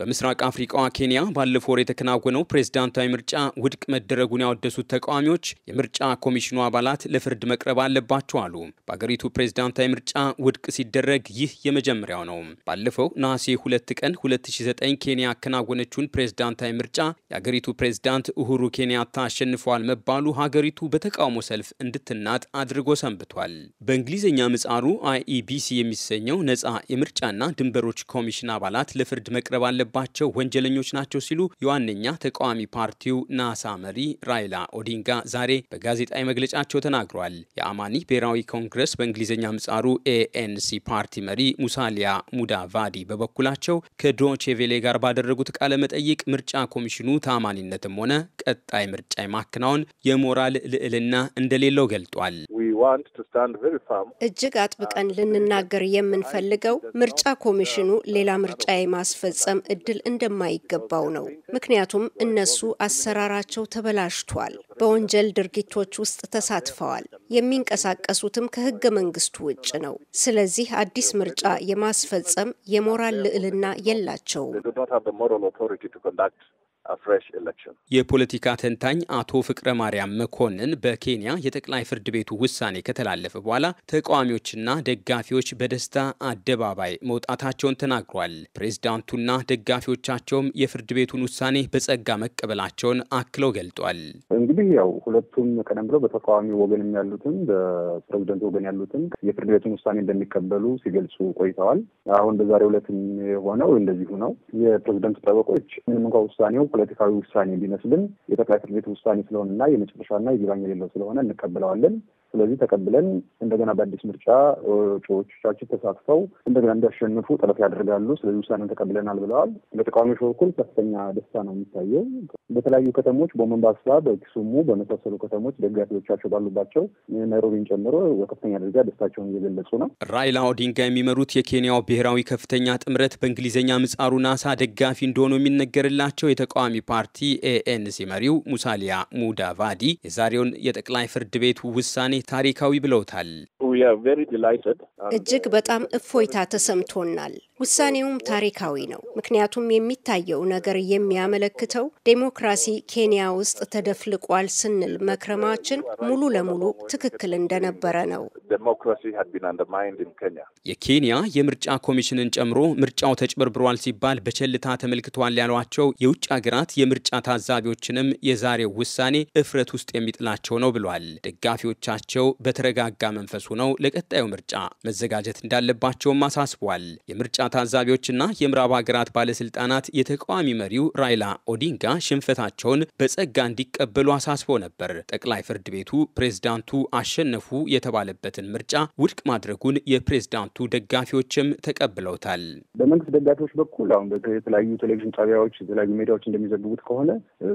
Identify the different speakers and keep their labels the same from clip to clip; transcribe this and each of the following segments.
Speaker 1: በምስራቅ አፍሪቃዋ ኬንያ ባለፈው ወር የተከናወነው ፕሬዝዳንታዊ ምርጫ ውድቅ መደረጉን ያወደሱት ተቃዋሚዎች የምርጫ ኮሚሽኑ አባላት ለፍርድ መቅረብ አለባቸው አሉ። በአገሪቱ ፕሬዝዳንታዊ ምርጫ ውድቅ ሲደረግ ይህ የመጀመሪያው ነው። ባለፈው ነሐሴ ሁለት ቀን 2009 ኬንያ ያከናወነችውን ፕሬዝዳንታዊ ምርጫ የአገሪቱ ፕሬዝዳንት ኡሁሩ ኬንያታ አሸንፈዋል መባሉ ሀገሪቱ በተቃውሞ ሰልፍ እንድትናጥ አድርጎ ሰንብቷል። በእንግሊዝኛ ምጻሩ አይኢቢሲ የሚሰኘው ነጻ የምርጫና ድንበሮች ኮሚሽን አባላት ለፍርድ መቅረብ አለ ያለባቸው ወንጀለኞች ናቸው ሲሉ የዋነኛ ተቃዋሚ ፓርቲው ናሳ መሪ ራይላ ኦዲንጋ ዛሬ በጋዜጣዊ መግለጫቸው ተናግሯል። የአማኒ ብሔራዊ ኮንግረስ በእንግሊዝኛ ምጻሩ ኤኤንሲ ፓርቲ መሪ ሙሳሊያ ሙዳቫዲ በበኩላቸው ከዶቼቬሌ ጋር ባደረጉት ቃለ መጠይቅ ምርጫ ኮሚሽኑ ታማኒነትም ሆነ ቀጣይ ምርጫ የማከናወን የሞራል ልዕልና እንደሌለው ገልጧል።
Speaker 2: እጅግ አጥብቀን ልንናገር የምንፈልገው ምርጫ ኮሚሽኑ ሌላ ምርጫ የማስፈጸም እድል እንደማይገባው ነው። ምክንያቱም እነሱ አሰራራቸው ተበላሽቷል፣ በወንጀል ድርጊቶች ውስጥ ተሳትፈዋል፣ የሚንቀሳቀሱትም ከህገ መንግስቱ ውጭ ነው። ስለዚህ አዲስ ምርጫ የማስፈጸም የሞራል ልዕልና የላቸውም።
Speaker 1: የፖለቲካ ተንታኝ አቶ ፍቅረ ማርያም መኮንን በኬንያ የጠቅላይ ፍርድ ቤቱ ውሳኔ ከተላለፈ በኋላ ተቃዋሚዎችና ደጋፊዎች በደስታ አደባባይ መውጣታቸውን ተናግሯል። ፕሬዝዳንቱና ደጋፊዎቻቸውም የፍርድ ቤቱን ውሳኔ በጸጋ መቀበላቸውን አክለው ገልጧል።
Speaker 3: እንግዲህ ያው ሁለቱም ቀደም ብለው በተቃዋሚ ወገን ያሉትን በፕሬዚደንቱ ወገን ያሉትም የፍርድ ቤቱን ውሳኔ እንደሚቀበሉ ሲገልጹ ቆይተዋል። አሁን በዛሬው ዕለትም የሆነው እንደዚሁ ነው። የፕሬዚደንቱ ጠበቆች ምንም እንኳ ውሳኔው ፖለቲካዊ ውሳኔ ቢመስልም የጠቅላይ ፍርድ ቤት ውሳኔ ስለሆነና የመጨረሻና ይግባኝ የሌለው ስለሆነ እንቀበለዋለን። ስለዚህ ተቀብለን እንደገና በአዲስ ምርጫ እጩዎቻችን ተሳትፈው እንደገና እንዲያሸንፉ ጥረት ያደርጋሉ። ስለዚህ ውሳኔን ተቀብለናል ብለዋል። በተቃዋሚዎች በኩል ከፍተኛ ደስታ ነው የሚታየው። በተለያዩ ከተሞች በሞምባሳ፣ በኪሱሙ በመሳሰሉ ከተሞች ደጋፊዎቻቸው ባሉባቸው ናይሮቢን ጨምሮ በከፍተኛ ደረጃ ደስታቸውን እየገለጹ ነው።
Speaker 1: ራይላ ኦዲንጋ የሚመሩት የኬንያው ብሔራዊ ከፍተኛ ጥምረት በእንግሊዝኛ ምጻሩ ናሳ ደጋፊ እንደሆኑ የሚነገርላቸው የተቃዋሚ ፓርቲ ኤኤንሲ መሪው ሙሳሊያ ሙዳቫዲ የዛሬውን የጠቅላይ ፍርድ ቤት ውሳኔ ታሪካዊ ብለውታል።
Speaker 2: እጅግ በጣም እፎይታ ተሰምቶናል። ውሳኔውም ታሪካዊ ነው። ምክንያቱም የሚታየው ነገር የሚያመለክተው ዴሞክራሲ ኬንያ ውስጥ ተደፍልቋል ስንል መክረማችን ሙሉ ለሙሉ ትክክል እንደነበረ ነው።
Speaker 1: የኬንያ የምርጫ ኮሚሽንን ጨምሮ ምርጫው ተጭበርብሯል ሲባል በቸልታ ተመልክቷል ያሏቸው የውጭ ሀገራት የምርጫ ታዛቢዎችንም የዛሬው ውሳኔ እፍረት ውስጥ የሚጥላቸው ነው ብሏል። ደጋፊዎቻቸው በተረጋጋ መንፈሱ ነው ለቀጣዩ ምርጫ መዘጋጀት እንዳለባቸውም አሳስቧል። የምርጫ ታዛቢዎችና የምዕራብ ሀገራት ባለስልጣናት የተቃዋሚ መሪው ራይላ ኦዲንጋ ሽንፈታቸውን በጸጋ እንዲቀበሉ አሳስቦ ነበር። ጠቅላይ ፍርድ ቤቱ ፕሬዝዳንቱ አሸነፉ የተባለበትን ምርጫ ውድቅ ማድረጉን የፕሬዝዳንቱ ደጋፊዎችም ተቀብለውታል።
Speaker 3: በመንግስት ደጋፊዎች በኩል አሁን የተለያዩ ቴሌቪዥን ጣቢያዎች፣ የተለያዩ ሜዲያዎች እንደሚዘግቡት ከሆነ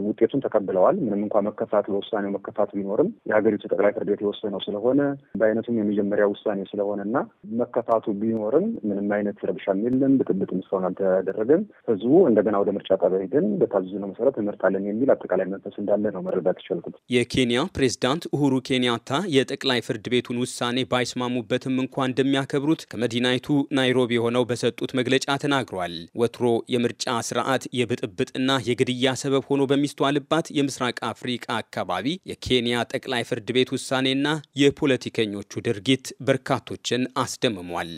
Speaker 3: ውጤቱን ተቀብለዋል። ምንም እንኳ መከፋት በውሳኔው መከፋት ቢኖርም የሀገሪቱ ጠቅላይ ፍርድ ቤት የወሰነው ስለሆነ በአይነቱም የመጀመሪያ ውሳኔ ስለሆነ እና መከፋቱ ቢኖርም ምንም አይነት ረብሻ የለም፣ ብጥብጥም እስካሁን አልተደረገም። ህዝቡ እንደገና ወደ ምርጫ ጣቢያ ሄደን በታዘዝነው መሰረት እንመርጣለን የሚል አጠቃላይ መንፈስ እንዳለ ነው መረዳት ይቻልኩት።
Speaker 1: የኬንያ ፕሬዝዳንት ኡሁሩ ኬንያታ የጠቅላይ ፍርድ ቤቱን ውሳኔ ባይስማሙበትም እንኳ እንደሚያከብሩት ከመዲናይቱ ናይሮቢ ሆነው በሰጡት መግለጫ ተናግሯል። ወትሮ የምርጫ ስርዓት የብጥብጥና የግድያ ሰበብ ሆኖ በሚስተዋልባት የምስራቅ አፍሪቃ አካባቢ የኬንያ ጠቅላይ ፍርድ ቤት ውሳኔና የፖለቲከኞቹ ድርጊት በርካቶችን አስደምሟል።